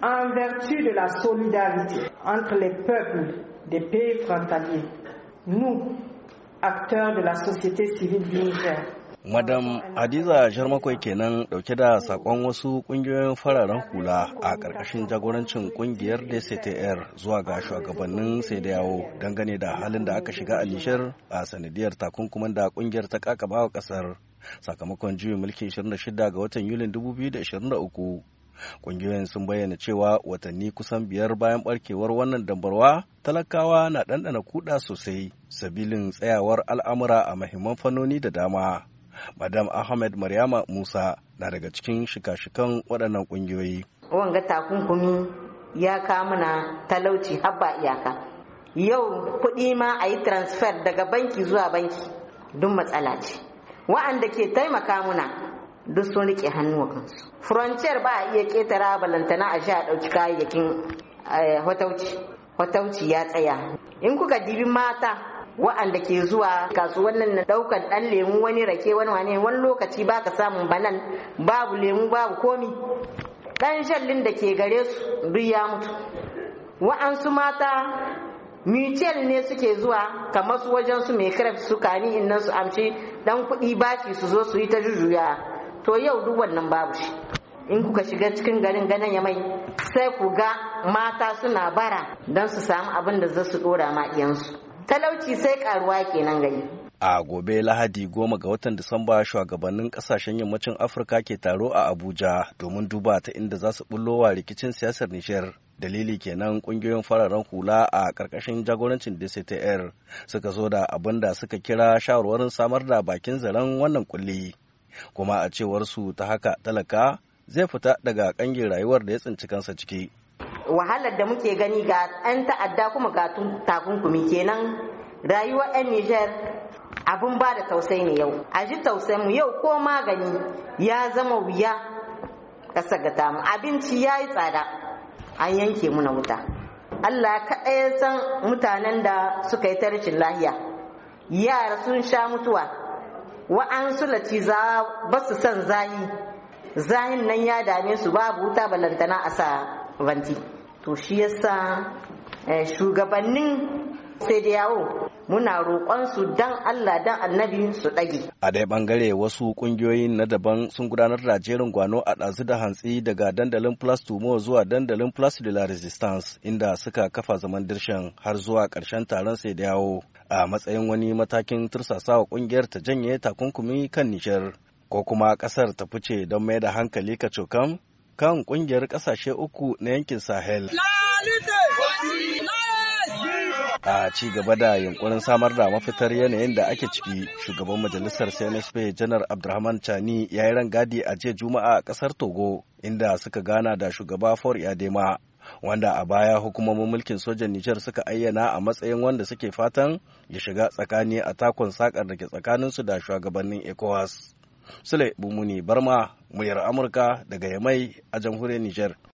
en vertu de la solidarité entre les peuples des pays frontaliers, nous, acteurs de la société civile du Niger, madam hadiza jarmakwai kenan dauke da sakon wasu kungiyoyin fararen hula a ƙarƙashin jagorancin kungiyar dctr zuwa ga shugabannin sai da yawo dangane da halin da aka shiga a nishar a sanadiyar takunkuman da kungiyar ta kakaba wa kasar sakamakon juyin mulki 26 ga watan yulin 2023 Ƙungiyoyin sun bayyana cewa watanni kusan biyar bayan barkewar wannan dambarwa talakawa na ɗanɗana kuɗa sosai sabilin tsayawar al'amura a mahimman fannoni da dama. Madam Ahmed Maryama Musa na daga cikin shika-shikan waɗannan ƙungiyoyi. Wanga takunkumi ya kamuna talauci habba iyaka. Yau kuɗi ma a yi transfer daga banki zuwa banki duk matsala ce. Wa'anda ke taimaka muna duk sun rike hannu kansu frontier ba a iya ketara balantana a sha ɗauki kayayyakin eh, hotauci hotauci ya tsaya in kuka dibi mata wa'anda ke zuwa kasuwannin na ɗaukar dan lemu wani rake wani wane wani lokaci ba ka samun banan babu lemu babu komi dan shallin da ke gare su duk ya mutu wa'ansu mata mutual ne suke zuwa kamar su wajen su mai krep su kani innan su amshi ɗan kuɗi bashi su zo su yi ta jujuya to yau duk wannan babu shi in kuka shiga cikin garin ganin ya mai sai ku ga mata suna bara don su samu abin da za su dora ma talauci sai karuwa kenan gari a gobe lahadi goma ga watan disamba shugabannin kasashen yammacin afirka ke taro a abuja domin duba ta inda za su wa rikicin siyasar nishiyar dalili kenan kungiyoyin fararen hula a karkashin jagorancin dctr suka zo da abin da suka kira shawarwarin samar da bakin zaren wannan kulli kuma a cewar su ta haka talaka zai fita daga kangin rayuwar da ya tsinci kansa ciki wahalar da muke gani ga 'yan ta'adda kuma ga takunkumi kenan rayuwar 'yan niger abun ba da tausayi ne yau a ji tausayin mu yau ko magani ya zama wuya ƙasa ga tamu abinci ya yi tsada an yanke muna wuta allah kaɗai ya san mutanen da suka yi ta lahiya yara sun sha mutuwa wa'ansu za ba su san zayi zayin nan ya dame su babu wuta balantana a sa vanti to shi yasa eh, shugabannin sai da yawo muna roƙon su dan Allah dan annabi su ɗage. A ɗaya ɓangare wasu ƙungiyoyi na daban sun gudanar da jerin gwano a ɗazu da hantsi daga dandalin Plus Tumo zuwa dandalin Plus de la Resistance inda suka kafa zaman dirshan har zuwa ƙarshen taron sai da yawo a matsayin wani matakin tursasawa ƙungiyar ta janye takunkumi kan Nijar ko kuma ƙasar ta fice don mai da hankali kacokan kan ƙungiyar ƙasashe uku na yankin Sahel. a ci gaba da yunkurin samar da mafitar yanayin da ake ciki shugaban majalisar cnsp janar abdurrahman chani ya yi rangadi a jiya juma'a a kasar togo inda suka gana da shugaba for yadema wanda a baya hukumomin mulkin sojan nijar suka ayyana a matsayin wanda suke fatan ya shiga tsakani a takon sakar da ke tsakaninsu da shugabannin ecowas sule bumuni barma "Muyar amurka daga yamai a jamhuriyar nijar